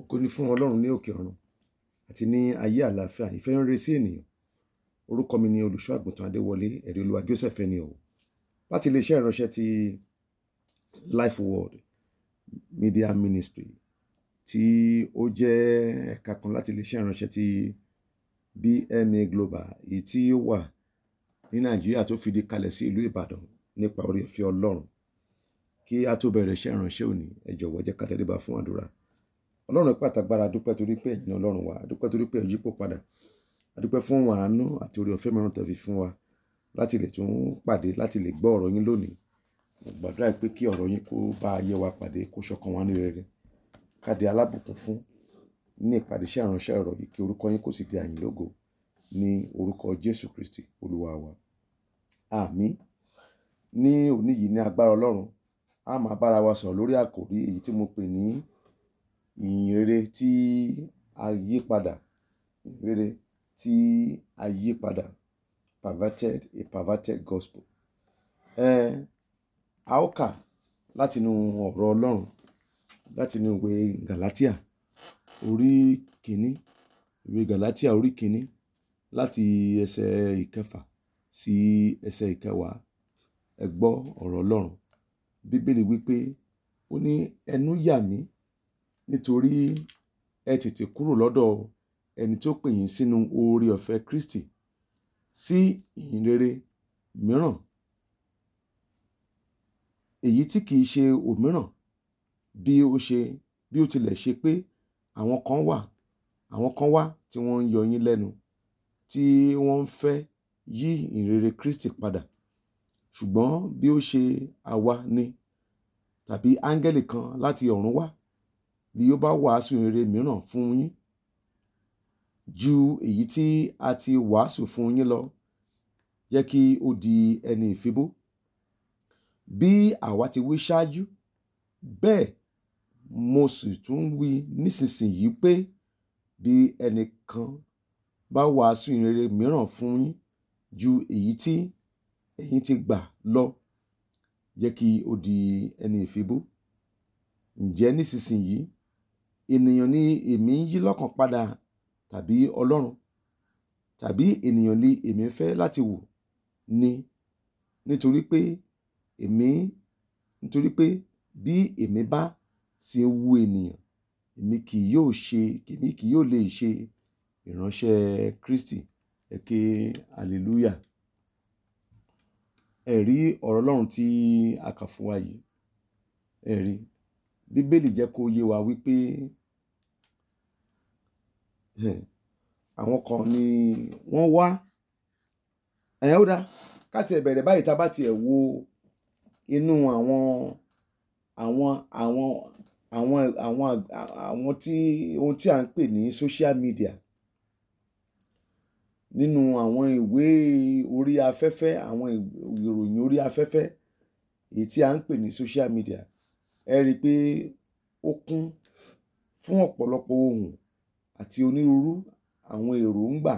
ògo ni fún ọlọ́run ní òkè ọ̀run àti ní ayé àlàáfíà ìfẹ́ rere sí ènìyàn orúkọ mi ni olùṣọ́ àgùntàn adéwọlé ẹ̀rí olúwa joseph ẹni ọ̀wọ̀ láti iléeṣẹ́ ìránṣẹ́ ti life world media ministry tí ó jẹ́ ẹ̀ka kan láti iléeṣẹ́ ìránṣẹ́ ti bma global èyí tí ó wà ní nàìjíríà tó fìdí kalẹ̀ sí ìlú ìbàdàn nípa oore ọ̀fẹ́ ọlọ́run kí a tó bẹ̀rẹ̀ iṣẹ́ ìránṣẹ́ òní ẹ jọ̀wọ́ jẹ́ fún àdúrà ọlọ́run pàtàgbára adúpẹ́ torí pé ẹ̀yin ọlọ́run wa adúpẹ́ torí pé ẹ̀yípo padà adúpẹ́ fún àánú àti orí ọ̀fẹ́ mìíràn tẹ̀fi fún wa láti lè tún pàdé láti lè gbọ́ ọ̀rọ̀ yín lónìí mo gbàdúrà pé kí ọ̀rọ̀ yín kó bá ayé wa pàdé kó ṣọkan wa ní rere káde alábùkún fún ní ìpàdé iṣẹ́ ìránṣẹ́ ọ̀rọ̀ yìí kí orúkọ yín kó sì di àyìn lógo ní orúkọ Jésù Kristi olúwa wa àmín ní òní yìí ní agbára ọlọ́run a máa bára wa sọ̀rọ̀ lórí àkòrí èyí tí mo pè ní ìyìnrere tí a yí padà, ìyìnrere tí a yí padà. Perverted, a perverted gospel. Ehn, a ó kà láti inú ọ̀rọ̀ Ọlọ́run, láti inú ìwé Galatia orí kìíní, ìwé Galatia orí kìíní láti ẹsẹ̀ ìkẹfà sí ẹsẹ̀ ìkẹwàá. Ẹ gbọ́ ọ̀rọ̀ Ọlọ́run. Bíbélì wípé ó ní ẹnu yà mí nítorí ẹ tètè kúrò lọ́dọ̀ ẹni tí ó pè yín sínú oore ọ̀fẹ́ Kristi sí ìhìnrere mìíràn èyí tí kìí ṣe òmíràn bí ó ṣe bí ó tilẹ̀ ṣe pé àwọn kan wà àwọn kan wà tí wọ́n ń yọ yín lẹ́nu tí wọ́n ń fẹ́ yí ìhìnrere Kristi padà ṣùgbọ́n bí ó ṣe àwa ni tàbí áńgẹ́lì kan láti ọ̀run wá bí ó bá wàásù rere mìíràn fún yín ju èyí tí a ti wàásù fún yín lọ jẹ́ kí ó di ẹni ìfibú bí àwa ti wí ṣáájú bẹ́ẹ̀ mo sì tún wí nísinsìnyí pé bí ẹnìkan bá wàásù rere mìíràn fún yín ju èyí tí ẹ̀yin ti gbà lọ jẹ́ kí ó di ẹni ìfibú ǹjẹ́ nísinsìnyí ènìyàn ni èmi ń yí lọ́kàn padà tàbí Ọlọ́run tàbí ènìyàn ni èmi ń fẹ́ láti wò ni nítorí pé èmi nítorí pé bí èmi bá sì ń wu ènìyàn èmi kì yóò ṣe èmi kì yóò lè ṣe ìránṣẹ́ Kristi ẹ ké hallelujah ẹ̀rí ọ̀rọ̀ Ọlọ́run tí a kà fún wa yìí ẹ̀rí bíbélì jẹ́ kó yé wa wípé àwọn kan ni wọ́n wá ẹ̀yàn ó dá káti ẹ̀ bẹ̀rẹ̀ báyìí tá a bá tiẹ̀ wo inú àwọn àwọn àwọn àwọn àwọn àwọn tí ohun tí a ń pè ní social media nínú àwọn ìwé orí afẹ́fẹ́ àwọn ìròyìn orí afẹ́fẹ́ èyí tí a ń pè ní social media ẹ rí i pé ó kún fún ọ̀pọ̀lọpọ̀ ohùn àti onírúurú àwọn èròńgbà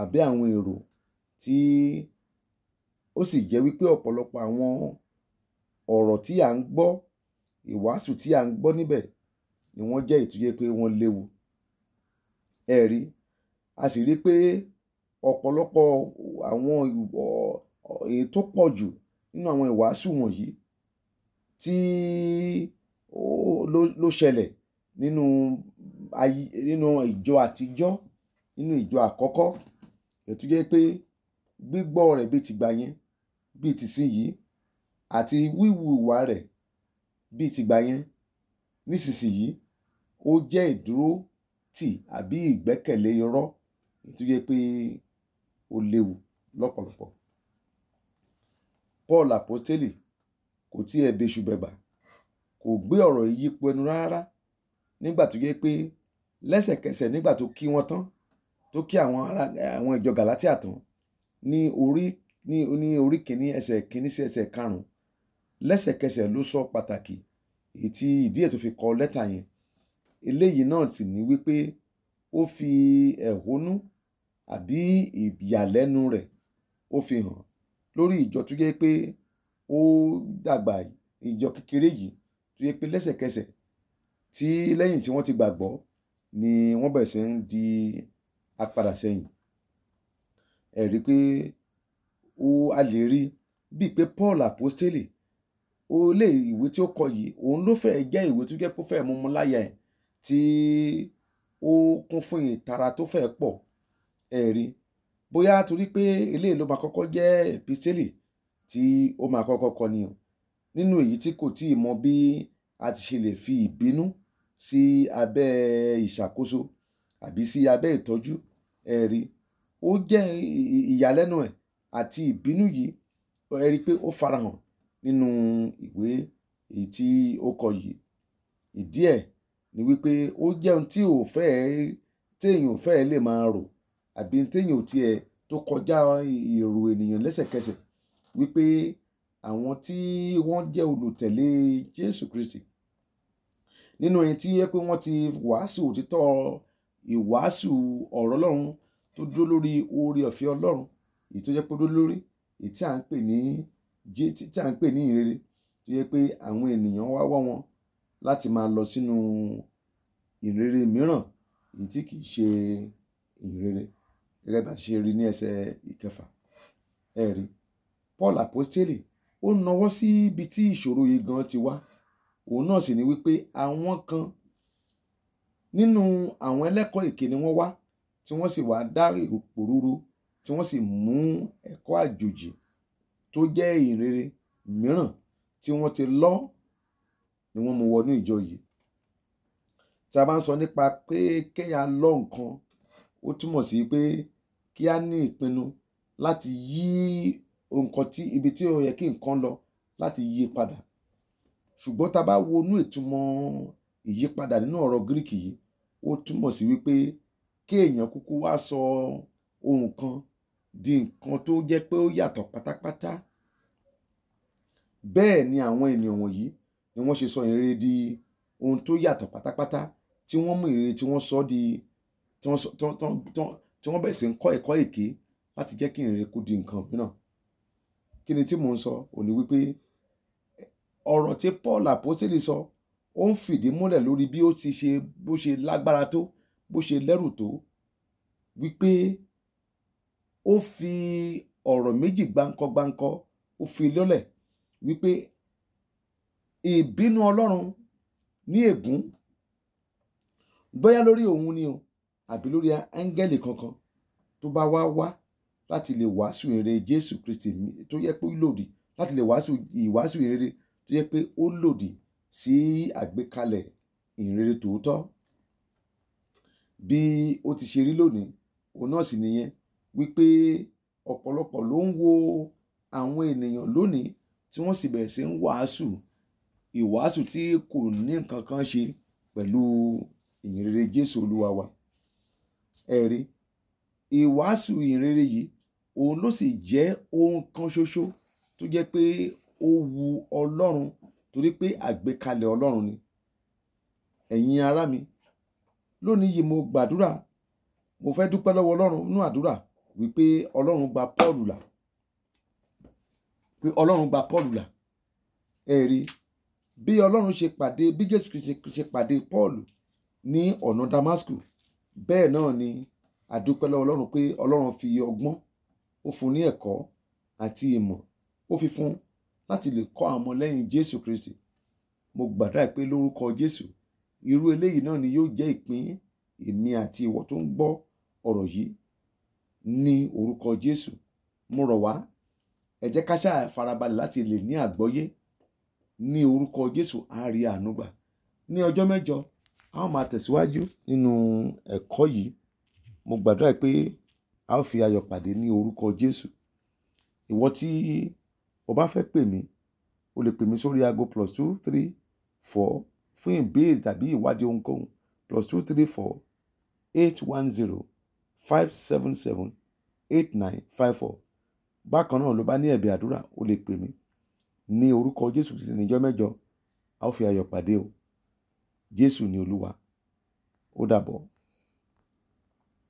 àbí àwọn èrò tí ó sì jẹ́ wípé ọ̀pọ̀lọpọ̀ àwọn ọ̀rọ̀ tí à ń gbọ́, ìwàásù tí à ń gbọ́ níbẹ̀ ni wọ́n jẹ́ èyí tó jẹ́ pé wọ́n léwu. Ẹ ẹ̀ rí i, a sì rí pé ọ̀pọ̀lọpọ̀ àwọn èyí tó pọ̀ jù nínú àwọn ìwàásù wọ̀nyí tí ó ló ló ṣẹlẹ̀ nínú ayé nínú ìjọ àtijọ́ nínú ìjọ àkọ́kọ́ èyí tó jẹ́ pé gbígbọ́ rẹ̀ bíi tìgbà yẹn bíi tìsinyìí àti wíwùwà rẹ̀ bíi tìgbà yẹn nísinsìnyí ó jẹ́ ìdúró tì àbí ìgbẹ́kẹ̀lé irọ́ èyí tó jẹ́ pé ó léwu lọ́pọ̀lọpọ̀. Paul àpọ́stélì kò tí ẹ bẹ́ṣù bẹ̀bà kò gbé ọ̀rọ̀ yìí yípo ẹnu rárá nígbà tó yẹ pé lẹ́sẹ̀kẹsẹ̀ nígbà tó kí wọ́n tán tó kí àwọn ará àwọn ìjọ Gàlátíà tán ní orí ní ní orí kìíní ẹsẹ̀ kìíní sí ẹsẹ̀ karùn-ún lẹ́sẹ̀kẹsẹ̀ ló sọ pàtàkì ètí ìdí ẹ̀ tó fi kọ lẹ́tà yẹn eléyìí náà sì ní wípé ó fi ẹ̀hónú àbí ìyàlẹ́nu rẹ̀ ó fi hàn lórí ìjọ tó yẹ pé ó dàgbà ìjọ kékeré yìí tó yẹ pé lẹ́sẹ̀kẹsẹ̀ tí lẹ́yìn tí wọ́n ti gbàgbọ́ ni wọ́n bẹ̀rẹ̀ sí ń di apadà sẹ́yìn ẹ rí pé ó a lè rí bíi pé Paul apostole ó lé ìwé tí ó kọ yìí òun ló fẹ́ jẹ́ ìwé tó jẹ́ pé ó fẹ́ mú mú láyà ẹ̀ tí ó kún fún ìtara tó fẹ́ pọ̀ ẹ bóyá torí pé eléyìí ló máa kọ́kọ́ jẹ́ epistele tí ó máa kọ́kọ́ kọ ni o nínú èyí tí kò tíì mọ bí a ti ṣe lè fi ìbínú sí abẹ́ ìṣàkóso àbí sí abẹ́ ìtọ́jú ẹ̀rí ó jẹ́ ìyàlẹ́nu ẹ̀ àti ìbínú yìí ẹ rí i pé ó farahàn nínú ìwé èyí tí ó kọ yìí ìdí ẹ̀ ni wípé ó jẹ́ tí ò fẹ́ téèyàn ò fẹ́ lè máa rò àbí téèyàn ò tiẹ̀ tó kọjá èrò ènìyàn lẹ́sẹ̀kẹsẹ̀ wípé àwọn tí wọ́n jẹ́ olùtẹ̀lé Jésù Kristi nínú ẹni tí yẹ pé wọ́n ti wàásù òtítọ́ ìwàásù ọ̀rọ̀ Ọlọ́run tó dúró lórí oore ọ̀fẹ́ Ọlọ́run èyí tó yẹ pé dúró lórí èyí tí à ń pè ní tí à ń pè ní ìrere tó yẹ pé àwọn ènìyàn wá wá wọn láti máa lọ sínú ìrere mìíràn èyí tí kìí ṣe ìrere gẹ́gẹ́ bá ti ṣe rí ní ẹsẹ̀ ìkẹfà ẹ̀rí. Paul aposteli ó nawọ́ sí ibi tí ìṣòro yìí gan ti wá òun náà sì ni wípé àwọn kan nínú àwọn ẹlẹ́kọ̀ọ́ èké ni wọ́n wá tí wọ́n sì wá dárè òpòrúru tí wọ́n sì mú ẹ̀kọ́ àjòjì tó jẹ́ ìrere mìíràn tí wọ́n ti lọ́ ni wọ́n mú wọnú ìjọ yìí tí a bá ń sọ nípa pé kéèyàn lọ́ nǹkan ó túmọ̀ sí pé kí a ní ìpinnu láti yí nǹkan tí ibi tí ó yẹ kí nǹkan lọ láti yí padà ṣùgbọ́n tá a bá wo inú ìtumọ̀ ìyípadà nínú ọ̀rọ̀ gíríkì yìí ó túmọ̀ sí wípé kéèyàn kúkú wá sọ ohun kan di nǹkan tó jẹ́ pé ó yàtọ̀ pátápátá bẹ́ẹ̀ ni àwọn ènìyàn wọ̀nyí ni wọ́n ṣe sọ ìrere di ohun tó yàtọ̀ pátápátá tí wọ́n mú ìrere tí wọ́n sọ di tí wọ́n bẹ̀rẹ̀ sí ń kọ́ ẹ̀kọ́ èké láti jẹ́ kí ìrere kú di nǹkan mìíràn kí ni tí mò ń sọ òní wípé ọ̀rọ̀ tí Paul àpọ́sẹ̀lì sọ ó ń fìdí múlẹ̀ lórí bí ó ti ṣe bó ṣe lágbára tó bó ṣe lẹ́rù tó wípé ó fi ọ̀rọ̀ méjì gbáǹkọ́ gbáǹkọ́ ó fi lọ́lẹ̀ wípé ìbínú Ọlọ́run ní ègún bóyá lórí òun ni o àbí lórí áńgẹ́lì kankan tó bá wá wá láti lè wàásù ìrere Jésù Kristi tó yẹ pé ó lòdì láti lè wàásù ìwàásù ìrere tó yẹ pé ó lòdì sí àgbékalẹ̀ ìrere tòótọ́ bí ó ti ṣe rí lónìí òun náà sì nìyẹn wípé ọ̀pọ̀lọpọ̀ ló ń wo àwọn ènìyàn lónìí tí wọ́n sì bẹ̀rẹ̀ sí ń wàásù ìwàásù tí kò ní nǹkan kan ṣe pẹ̀lú ìyìnrere Jésù Olúwa wa ẹ̀rí ìwàásù ìyìnrere yìí òun ló sì jẹ́ ohun kan ṣoṣo tó jẹ́ pé ó wu ọlọ́run torí pé àgbékalẹ̀ ọlọ́run ni ẹ̀yin ará mi lónìí yìí mo gbàdúrà mo fẹ́ dúpẹ́ lọ́wọ́ ọlọ́run nínú àdúrà wípé ọlọ́run gba Pọ́ọ̀lù là pé ọlọ́run gba Pọ́ọ̀lù là ẹ̀rí bí ọlọ́run ṣe pàdé bí Jésù ṣe pàdé Pọ́ọ̀lù ní ọ̀nà Damasku bẹ́ẹ̀ náà ni àdúpẹ́ lọ́wọ́ ọlọ́run pé ọlọ́run fi ọgbọ́n ó fún ní ẹ̀kọ́ àti ìmọ̀ ó fi fún láti lè kọ́ àwọn ọmọlẹ́yìn Jésù Kristi mo gbàdúrà pé lórúkọ Jésù irú eléyìí náà ni yóò jẹ́ ìpín èmi àti ìwọ tó ń gbọ́ ọ̀rọ̀ yìí ní orúkọ Jésù mo rọ̀ wá ẹ jẹ́ ká ṣáà farabalẹ̀ láti lè ní àgbọ́yé ní orúkọ Jésù á rí àánú gbà ní ọjọ́ mẹ́jọ a ó máa tẹ̀síwájú nínú ẹ̀kọ́ yìí mo gbàdúrà pé a ó fi ayọ̀ pàdé ní orúkọ Jésù ìwọ tí o bá fẹ́ pè mí o lè pè mí sórí aago plus two three four fún ìbéèrè tàbí ìwádìí ohunkóhun plus two three four eight one zero five seven seven eight nine five four bákan náà ló bá ní ẹ̀bẹ̀ àdúrà o lè pè mí ní orúkọ Jésù Kristi níjọ́ mẹ́jọ a ó fi ayọ̀ pàdé o Jésù ni Olúwa ó dàbọ̀.